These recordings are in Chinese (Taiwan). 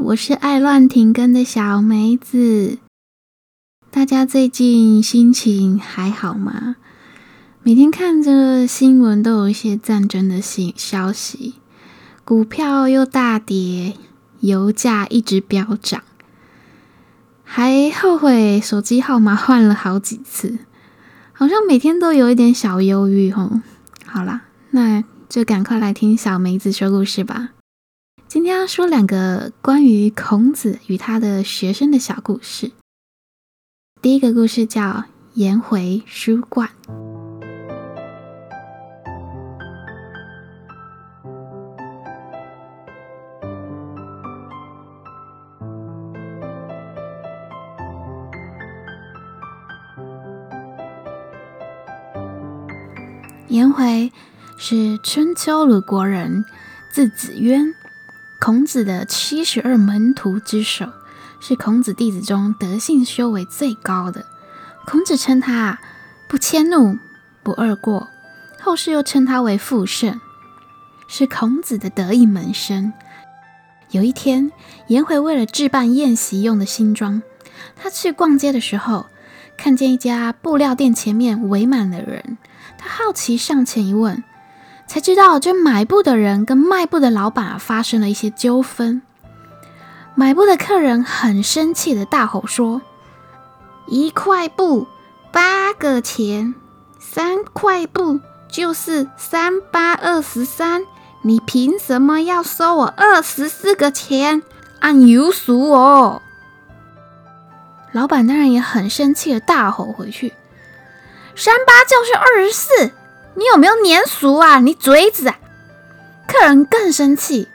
我是愛亂停更的小梅子，大家最近心情還好嗎？每天看着新聞，都有一些戰爭的信消息，股票又大跌，油價一直飆漲，還後悔手機號碼換了好幾次，好像每天都有一點小憂鬱哦。好啦，那就趕快來聽小梅子說故事吧。今天要說兩個關於孔子與他的學生的小故事。第一個故事叫《顏回輸冠》。顏回是春秋魯國人，字子淵。孔子的七十二門徒之首，是孔子弟子中德性修為最高的。孔子稱他啊，不遷怒、不貳過，後世又稱他為復聖，是孔子的得意門生。有一天，顏回為了置辦宴席用的新裝，他去逛街的時候，看見一家布料店前面圍滿了人，他好奇上前一問。才知道，這買布的人跟賣布的老板發生了一些糾紛。買布的客人很生氣的大吼說：“一塊布八個錢，三塊布就是三八二十三，你憑什麼要收我二十四個錢？按郵數哦！”老板當然也很生氣的大吼回去：“三八就是二十四。”你有沒有粘薯啊？你嘴子啊！客人更生氣，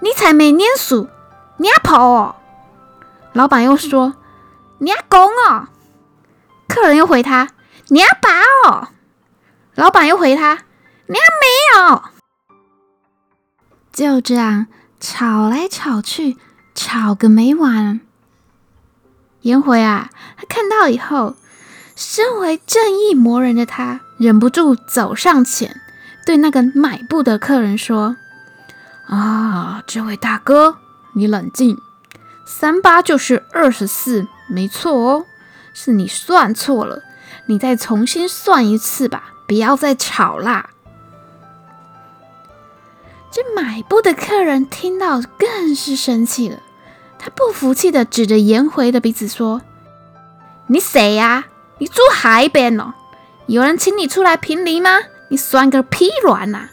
你才沒粘薯，你要跑哦！老板又說，你要拱哦！客人又回他，你要跑哦！老板又回他，你要沒有？就這樣吵來吵去，吵個沒完。顏回啊，他看到以後。身為正義魔人的他，忍不住走上前，對那個買布的客人說：“啊，這位大哥，你冷靜，三八就是二十四，沒錯哦，是你算錯了，你再重新算一次吧，不要再吵啦。”這買布的客人聽到更是生氣了，他不服氣的指着顏回的鼻子說：“你誰呀、啊？”你住海邊哦，有人請你出來評理嗎？你算個屁卵吶！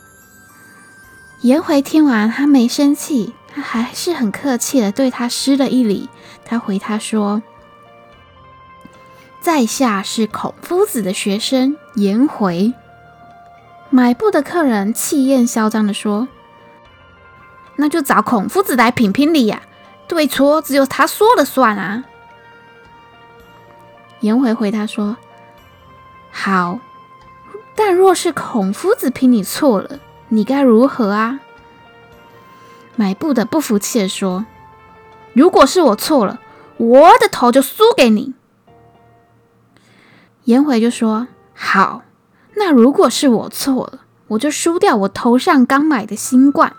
顏回聽完，他沒生氣，他還是很客氣的對他施了一禮。他回他說：“在下是孔夫子的學生顏回。”買布的客人氣焰囂張的說：“那就找孔夫子來評評理呀、啊，對錯只有他說了算啊！”顏回回答說：“好，但若是孔夫子批你錯了，你該如何啊？”買布的不服氣的說：“如果是我錯了，我的頭就輸給你。”顏回就說：“好，那如果是我錯了，我就輸掉我頭上剛買的新冠。”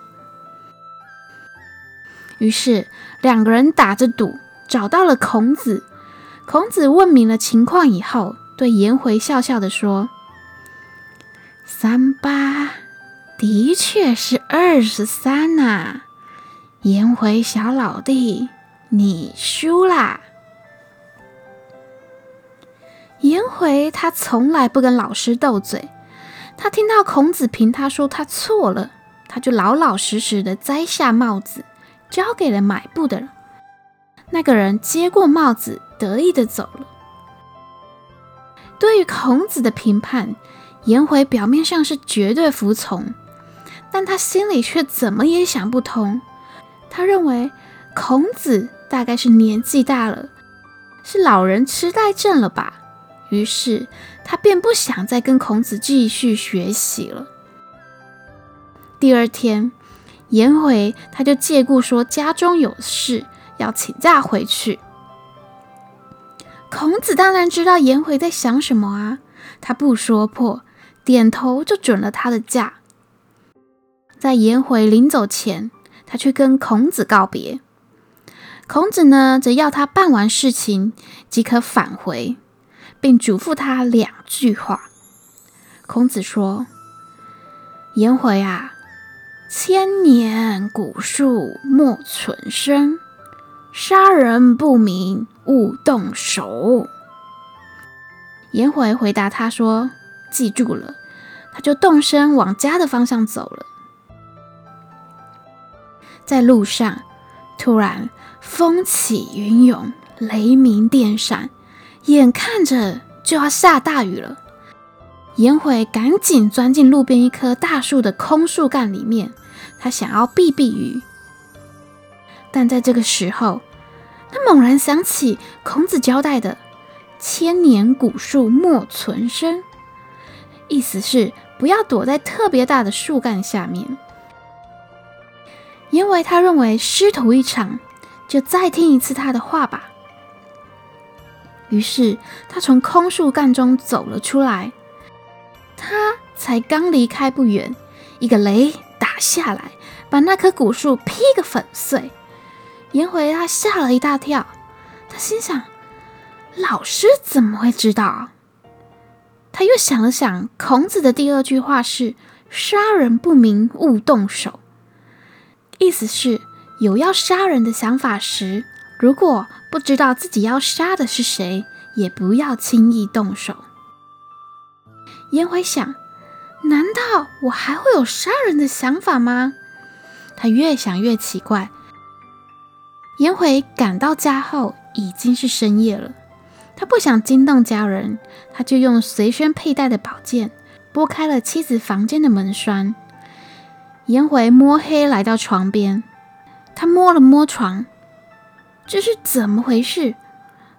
於是兩個人打着賭，找到了孔子。孔子問明了情況以後，對顏回笑笑的說：“三八的確是二十三吶、啊，顏回小老弟，你輸啦。”顏回他從來不跟老師鬥嘴，他聽到孔子評他說他錯了，他就老老實實的摘下帽子，交給了買布的人。那個人接過帽子，得意的走了。對於孔子的評判，顏回表面上是絕對服從，但他心裡卻怎麼也想不通。他認為孔子大概是年紀大了，是老人痴呆症了吧？於是他便不想再跟孔子繼續學習了。第二天，顏回他就借故說家中有事。要請假回去，孔子當然知道顏回在想什麼啊，他不說破，點頭就准了他的假。在顏回臨走前，他去跟孔子告別。孔子呢，則要他辦完事情即可返回，並囑咐他兩句話。孔子說：“顏回啊，千年古樹莫存身殺人不明，勿動手。顏回回答他說：“記住了。”他就動身往家的方向走了。在路上，突然風起雲湧，雷鳴電閃，眼看着就要下大雨了。顏回趕緊鑽進路邊一棵大樹的空樹幹裡面，他想要避避雨。但在這個時候，他猛然想起孔子交代的“千年古樹莫存身”，意思是不要躲在特別大的樹幹下面，因為他認為師徒一場，就再聽一次他的話吧。於是他從空樹幹中走了出來。他才剛離開不遠，一個雷打下來，把那棵古樹劈個粉碎。顏回他嚇了一大跳，他心想：“老師怎麼會知道啊？”他又想了想，孔子的第二句話是“殺人不明，勿動手”，意思是有要殺人的想法時，如果不知道自己要殺的是誰，也不要輕易動手。顏回想：“難道我還會有殺人的想法嗎？”他越想越奇怪。顏回趕到家後已經是深夜了，他不想驚動家人，他就用隨身佩戴的寶劍撥開了妻子房間的門栓。顏回摸黑來到床邊，他摸了摸床，這是怎麼回事？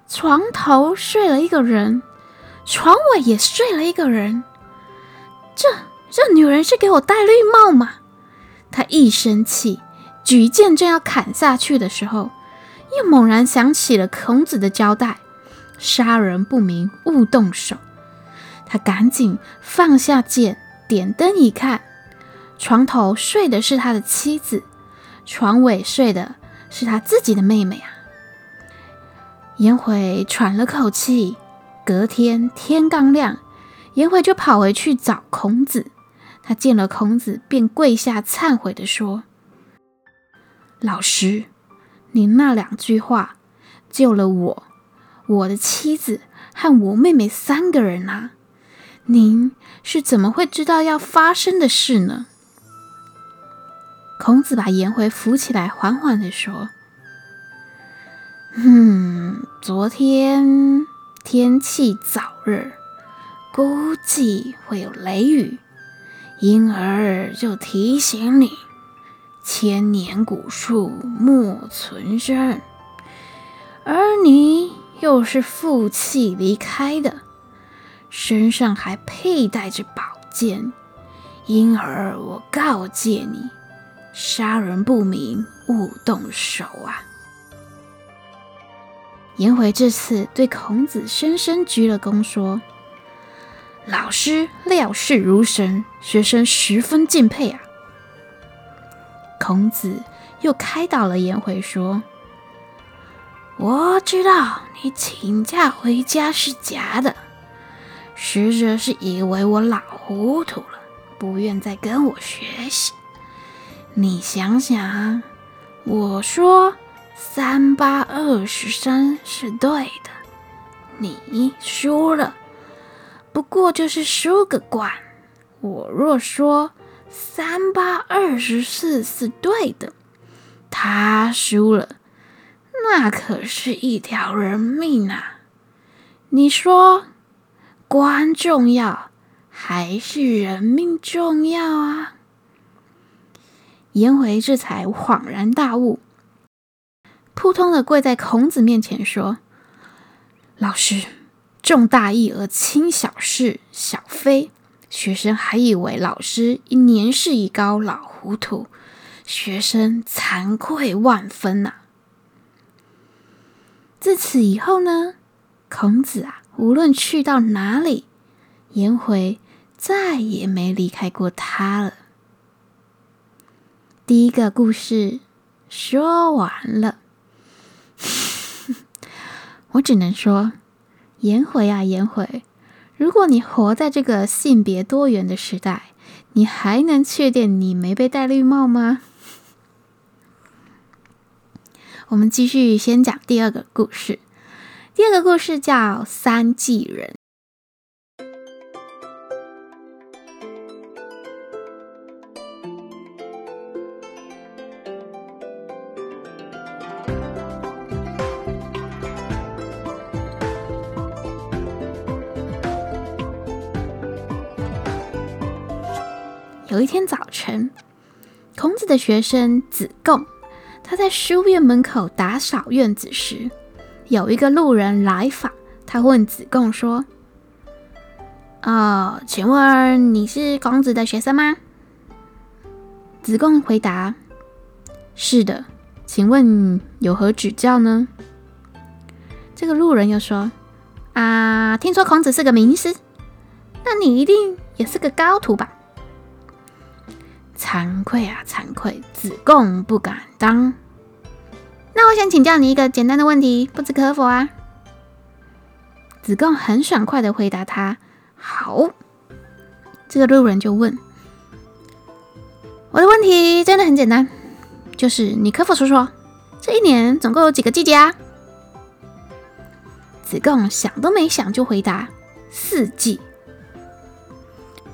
床頭睡了一個人，床尾也睡了一個人，這這女人是給我戴綠帽嗎？他一生氣。舉劍正要砍下去的時候，又猛然想起了孔子的交代：“殺人不明，勿動手。”他趕緊放下劍，點燈一看，床頭睡的是他的妻子，床尾睡的是他自己的妹妹啊！顏回喘了口氣，隔天天剛亮，顏回就跑回去找孔子。他見了孔子，便跪下懺悔地說。老師，您那兩句話救了我、我的妻子和我妹妹三個人啊！您是怎麼會知道要發生的事呢？孔子把顏回扶起來，緩緩地說：“嗯，昨天天氣燥熱，估計會有雷雨，因而就提醒你。”千年古樹莫存身，而你又是負氣離開的，身上還佩戴着寶劍，因而我告誡你：殺人不明，勿動手啊！顏回這次對孔子深深鞠了躬，說：“老師料事如神，學生十分敬佩啊。”孔子又開導了顏回說：“我知道你請假回家是假的，實則是以為我老糊塗了，不願再跟我學習。你想想，我說‘三八二十三’是對的，你輸了，不過就是輸個冠。我若說……”三八二十四是對的，他輸了，那可是一條人命啊！你說，官重要還是人命重要啊？顏回這才恍然大悟，撲通的跪在孔子面前說：“老師，重大義而輕小事小，小非。”學生還以為老師年事已高，老糊塗。學生慚愧萬分吶、啊。自此以後呢，孔子啊，無論去到哪裡，顏回再也沒離開過他了。第一個故事說完了， 我只能說，顏回啊，顏回。如果你活在這個性別多元的時代，你還能確定你沒被戴綠帽嗎？我們繼續先講第二個故事。第二個故事叫《三季人》。有一天早晨，孔子的學生子貢，他在書院門口打掃院子時，有一個路人來訪。他問子貢說：“啊、呃，請問你是孔子的學生嗎？”子貢回答：“是的，請問有何指教呢？”這個路人又說：“啊，聽說孔子是個名師，那你一定也是個高徒吧？”慚愧啊，慚愧！子貢不敢當。那我想請教你一個簡單的問題，不知可否啊？子貢很爽快的回答他：“好。”這個路人就問：“我的問題真的很簡單，就是你可否說說這一年總共有幾個季節啊？”子貢想都沒想就回答：“四季。”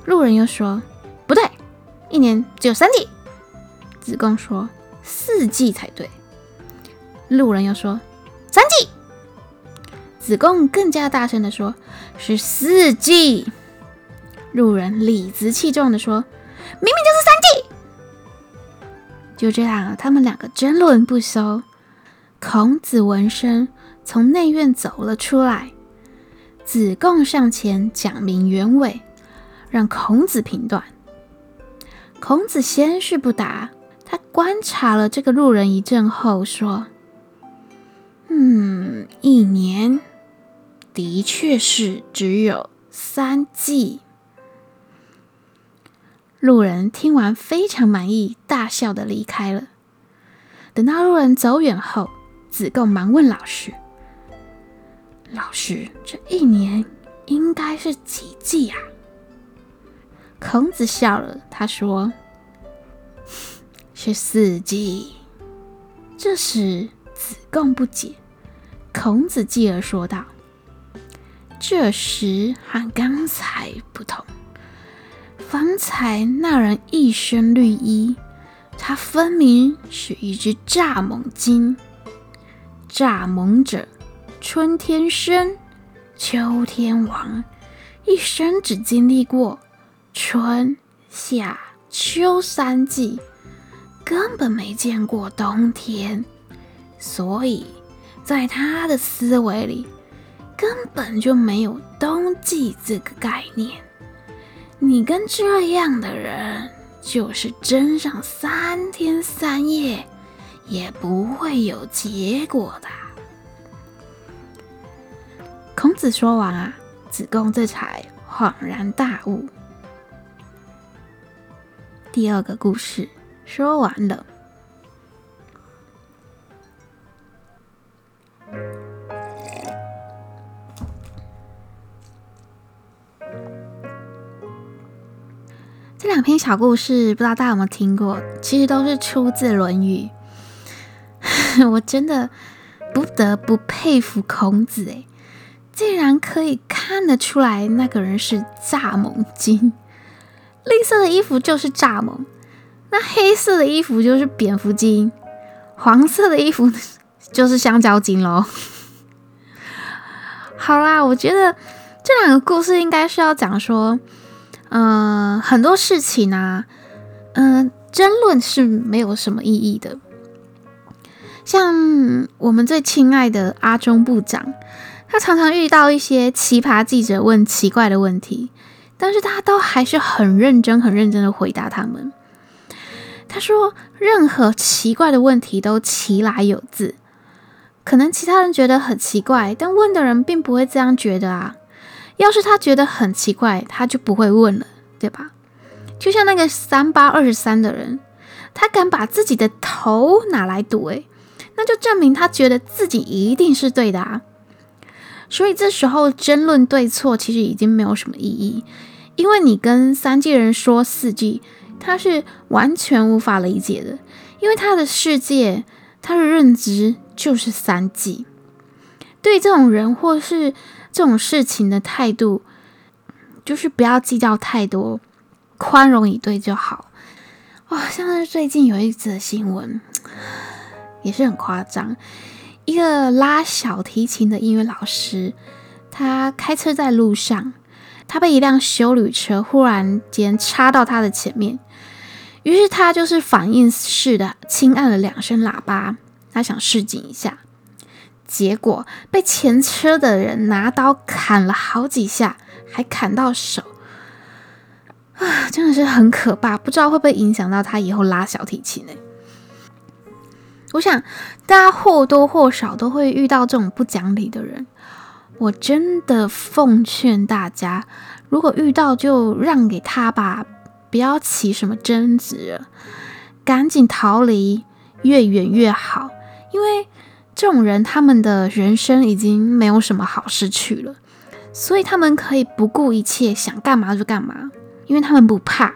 路人又說：“不對。”一年只有三季，子貢說：“四季才對。”路人又說：“三季。”子貢更加大聲的說：“是四季。”路人理直氣壯的說：“明明就是三季。”就這樣啊，他們兩個爭論不休。孔子聞聲從內院走了出來，子貢上前講明原委，讓孔子評斷。孔子先是不答，他觀察了這個路人一陣後說：“嗯，一年的確是只有三季。”路人聽完非常滿意，大笑的離開了。等到路人走遠後，子貢忙問老師：“老師，這一年應該是幾季啊？”孔子笑了，他說：“是四季。”這時子貢不解，孔子繼而說道：“這時和剛才不同。方才那人一身綠衣，他分明是一隻蚱蜢精。蚱蜢者，春天生，秋天亡，一生只經歷過。”春夏秋三季，根本沒見過冬天，所以在他的思維裡，根本就沒有冬季這個概念。你跟這樣的人，就是爭上三天三夜，也不會有結果的。孔子說完啊，子貢這才恍然大悟。第二個故事說完了。這兩篇小故事，不知道大家有沒有聽過？其實都是出自《論語。》 我真的不得不佩服孔子，哎，竟然可以看得出來那個人是蚱蜢精。綠色的衣服就是蚱蜢，那黑色的衣服就是蝙蝠精，黃色的衣服就是香蕉精嘍。 好啦，我覺得這兩個故事應該是要講說，嗯、呃，很多事情啊，嗯、呃，爭論是沒有什麼意義的。像我們最親愛的阿中部長，他常常遇到一些奇葩記者問奇怪的問題。但是他都還是很認真、很認真的回答他們。他說：“任何奇怪的問題都其來有自，可能其他人覺得很奇怪，但問的人並不會這樣覺得啊。要是他覺得很奇怪，他就不會問了，對吧？就像那個三八二十三的人，他敢把自己的頭拿來賭，誒，那就證明他覺得自己一定是對的。”啊。所以這時候爭論對錯其實已經沒有什麼意義，因為你跟三季人說四季，他是完全無法理解的，因為他的世界、他的認知就是三季。對這種人或是這種事情的態度，就是不要計較太多，寬容以對就好。哇、哦，像是最近有一則新聞，也是很誇張。一個拉小提琴的音樂老師，他開車在路上，他被一輛休旅車忽然間插到他的前面，於是他就是反應似的輕按了兩聲喇叭，他想示警一下，結果被前車的人拿刀砍了好幾下，還砍到手，啊，真的是很可怕，不知道會不會影響到他以後拉小提琴呢、欸？我想，大家或多或少都會遇到這種不講理的人。我真的奉勸大家，如果遇到就讓給他吧，不要起什麼爭執了，趕緊逃離，越遠越好。因為這種人，他們的人生已經沒有什麼好失去了，所以他們可以不顧一切，想幹嘛就幹嘛，因為他們不怕。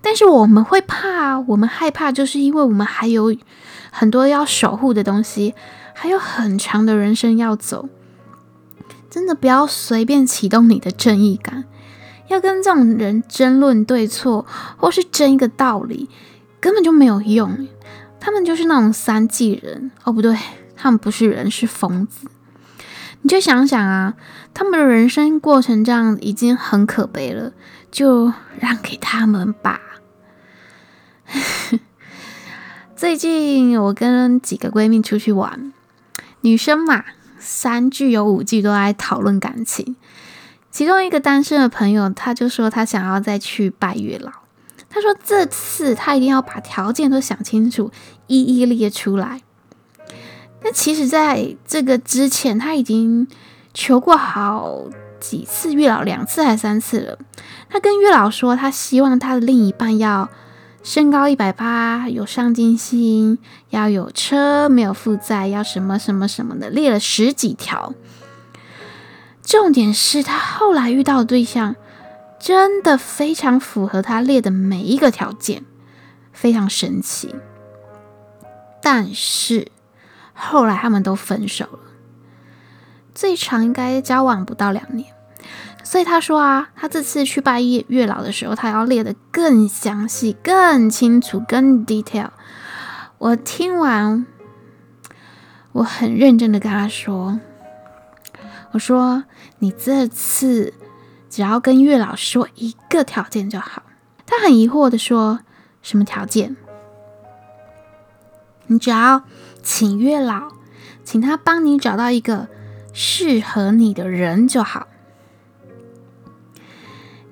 但是我們會怕，我們害怕，就是因為我們還有。很多要守護的東西，還有很長的人生要走，真的不要隨便啟動你的正義感。要跟這種人爭論對錯，或是爭一個道理，根本就沒有用。他們就是那種三季人哦，不對，他們不是人，是瘋子。你就想想啊，他們的人生過成這樣，已經很可悲了，就讓給他們吧。 最近我跟幾個閨蜜出去玩，女生嘛，三句有五句都愛討論感情。其中一個單身的朋友，她就說她想要再去拜月老，她說這次她一定要把條件都想清楚，一一列出來。那其實，在這個之前，她已經求過好幾次月老，兩次還三次了。她跟月老說，她希望她的另一半要，身高一百八，有上進心，要有車，沒有負債，要什麼什麼什麼的，列了十幾條。重點是他後來遇到的對象，真的非常符合他列的每一個條件，非常神奇。但是後來他們都分手了，最長應該交往不到兩年。所以他說啊，他這次去拜月月老的時候，他要列得更詳細、更清楚、更 detail。我聽完，我很認真的跟他說：“我說你這次只要跟月老說一個條件就好。”他很疑惑的說：“什麼條件？你只要請月老，請他幫你找到一個適合你的人就好。”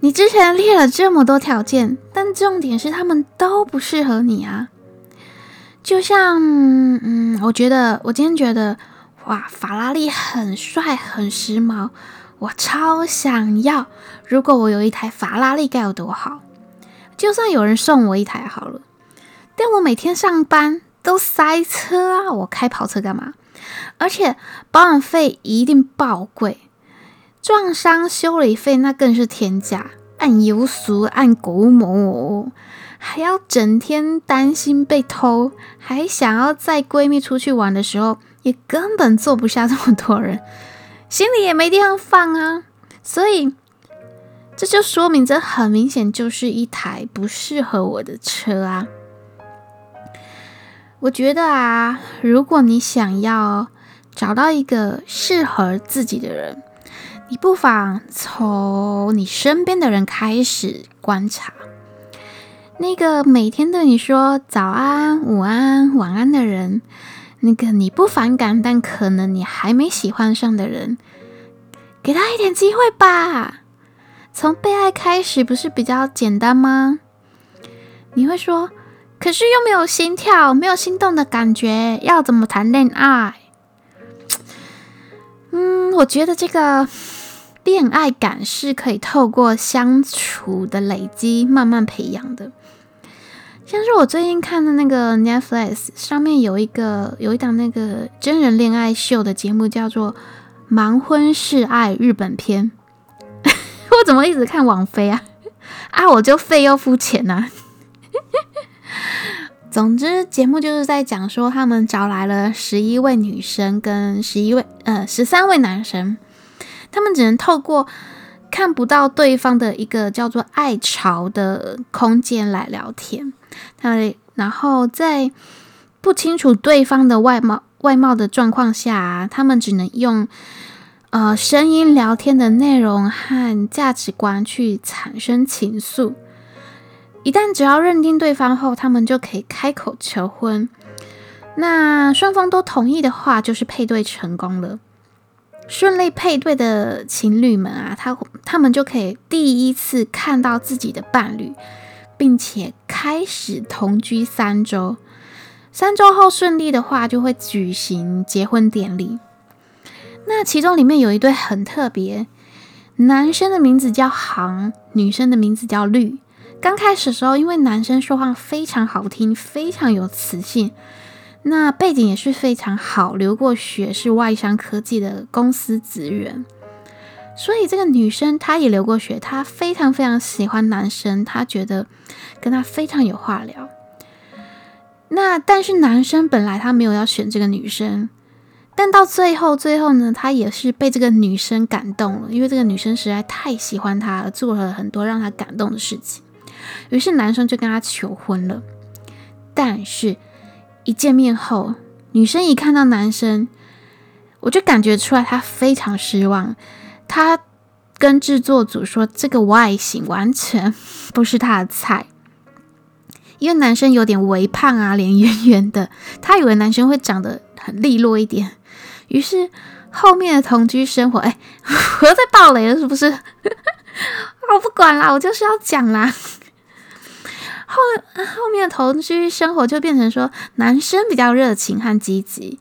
你之前列了這麼多條件，但重點是他們都不適合你啊！就像，嗯，我覺得我今天覺得，哇，法拉利很帥很時髦，我超想要。如果我有一台法拉利該有多好！就算有人送我一台好了，但我每天上班都塞車啊，我開跑車幹嘛？而且保養費一定爆貴。撞傷修理費那更是天價，按油俗按狗毛，還要整天擔心被偷，還想要載閨蜜出去玩的時候也根本坐不下這麼多人，行李也沒地方放啊！所以這就說明，這很明顯就是一台不適合我的車啊！我覺得啊，如果你想要找到一個適合自己的人，你不妨從你身邊的人開始觀察，那個每天對你說早安、午安、晚安的人，那個你不反感但可能你還沒喜歡上的人，給他一點機會吧。從被愛開始，不是比較簡單嗎？你會說，可是又沒有心跳，沒有心動的感覺，要怎麼談戀愛？嗯，我覺得這個戀愛感是可以透過相處的累積慢慢培養的。像是我最近看的那個 Netflix 上面有一個有一檔那個真人戀愛秀的節目，叫做《盲婚試愛》日本篇。 我怎麼一直看王菲啊？啊，我就廢又膚淺吶、啊。總之，節目就是在講說，他們找來了十一位女生跟十一位呃十三位男生，他們只能透過看不到對方的一個叫做“愛巢”的空間來聊天。那然後在不清楚對方的外貌外貌的狀況下啊，他們只能用呃聲音聊天的內容和價值觀去產生情愫。一旦只要認定對方後，他們就可以開口求婚。那雙方都同意的話，就是配對成功了。順利配對的情侶們啊，他他們就可以第一次看到自己的伴侶，並且開始同居三周。三周後順利的話，就會舉行結婚典禮。那其中裡面有一對很特別，男生的名字叫行，女生的名字叫綠。剛開始的時候，因為男生說話非常好聽，非常有磁性，那背景也是非常好，留過學，是外商科技的公司職員。所以這個女生她也留過學，她非常非常喜歡男生，她覺得跟他非常有話聊。那但是男生本來他沒有要選這個女生，但到最後最後呢，他也是被這個女生感動了，因為這個女生實在太喜歡他，而做了很多讓他感動的事情。於是男生就跟他求婚了，但是，一見面後，女生一看到男生，我就感覺出來她非常失望。她跟製作組說，這個外形完全不是她的菜，因為男生有點微胖啊，臉圓圓的。她以為男生會長得很利落一點。於是後面的同居生活，哎，我又在爆雷了是不是？ 我不管啦，我就是要講啦。後後面的同居生活就變成說，男生比較熱情和積極，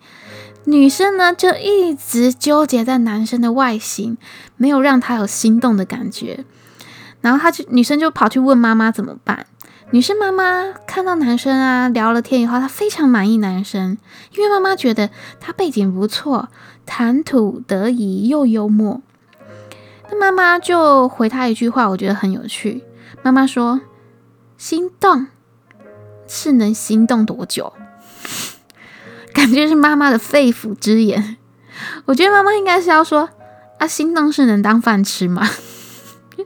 女生呢就一直糾結在男生的外形，沒有讓他有心動的感覺。然後他就女生就跑去問媽媽怎麼辦。女生媽媽看到男生啊，聊了天以後，她非常滿意男生，因為媽媽覺得他背景不錯，談吐得宜又幽默。那媽媽就回他一句話，我覺得很有趣。媽媽說。心動是能心動多久？感覺是媽媽的肺腑之言。我覺得媽媽應該是要說：“啊，心動是能當飯吃嗎？” 真的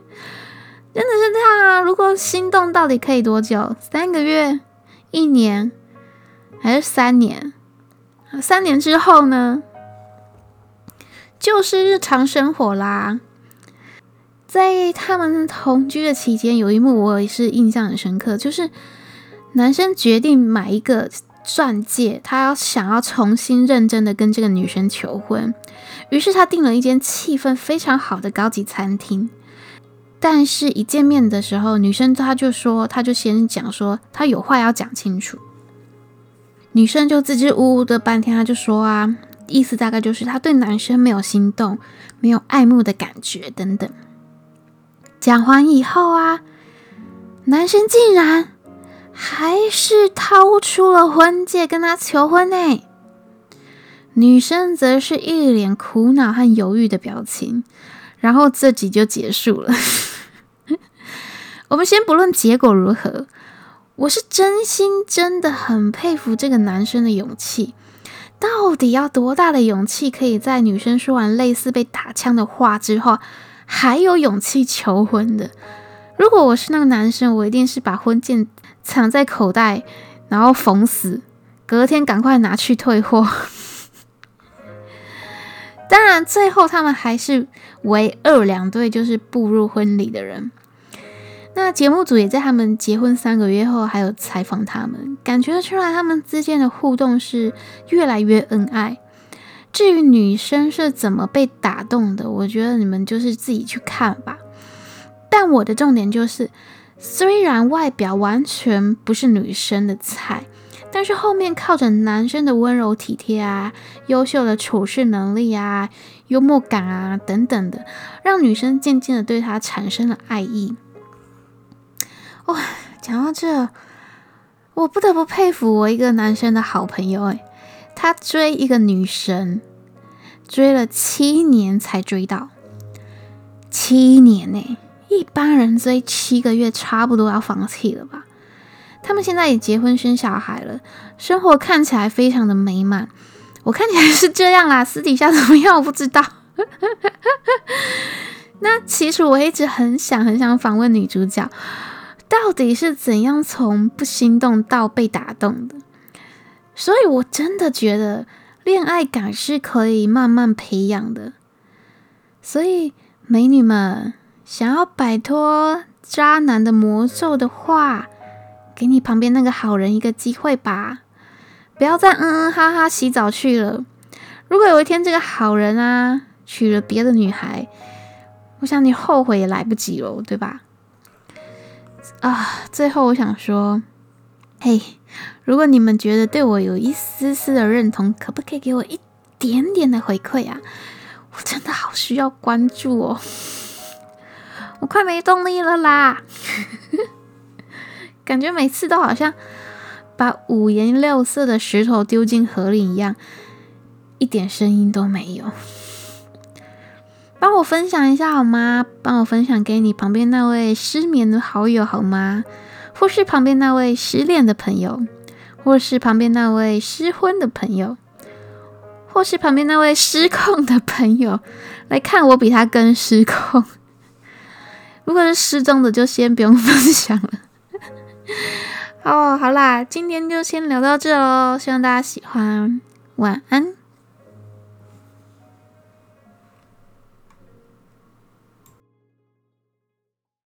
是這樣啊！如果心動到底可以多久？三個月、一年，還是三年？三年之後呢？就是日常生活啦。在他們同居的期間，有一幕我也是印象很深刻，就是男生決定買一個鑽戒，他要想要重新認真的跟這個女生求婚，於是他訂了一間氣氛非常好的高級餐廳，但是，一見面的時候，女生她就說，她就先講說，她有話要講清楚，女生就支支吾吾的半天，她就說啊，意思大概就是她對男生沒有心動，沒有愛慕的感覺等等。講完以後啊，男生竟然還是掏出了婚戒跟她求婚呢、欸。女生則是一臉苦惱和猶豫的表情。然後這集就結束了。 我們先不論結果如何，我是真心真的很佩服這個男生的勇氣。到底要多大的勇氣，可以在女生說完類似被打槍的話之後，還有勇氣求婚的，如果我是那個男生，我一定是把婚戒藏在口袋，然後縫死，隔天趕快拿去退貨。 當然，最後他們還是唯二兩對就是步入婚禮的人。那節目組也在他們結婚三個月後，還有採訪他們，感覺出來他們之間的互動是越來越恩愛。至於女生是怎麼被打動的，我覺得你們就是自己去看吧。但我的重點就是，雖然外表完全不是女生的菜，但是後面靠着男生的溫柔體貼啊、優秀的處事能力啊、幽默感啊等等的，讓女生漸漸的對他產生了愛意。哇、哦，講到這，我不得不佩服我一個男生的好朋友哎，他追一個女神。追了七年才追到，七年呢、欸？一般人追七個月差不多要放棄了吧？他們現在也結婚生小孩了，生活看起來非常的美滿。我看起來是這樣啦，私底下怎麼樣我不知道。 那其實我一直很想很想訪問女主角，到底是怎樣從不心動到被打動的？所以我真的覺得。戀愛感是可以慢慢培養的，所以美女們想要擺脫渣男的魔咒的話，給你旁邊那個好人一個機會吧！不要再嗯嗯哈哈洗澡去了。如果有一天這個好人啊娶了別的女孩，我想你後悔也來不及了，對吧？啊，最後我想說，嘿。如果你們覺得對我有一絲絲的認同，可不可以給我一點點的回饋啊？我真的好需要關注哦，我快沒動力了啦！ 感覺每次都好像把五顏六色的石頭丟進河裡一樣，一點聲音都沒有。幫我分享一下好嗎？幫我分享給你旁邊那位失眠的好友好嗎？或是旁邊那位失戀的朋友，或是旁邊那位失婚的朋友，或是旁邊那位失控的朋友，來看我比他更失控。 如果是失蹤的，就先不用分享了。哦， 好啦，今天就先聊到這嘍，希望大家喜歡，晚安。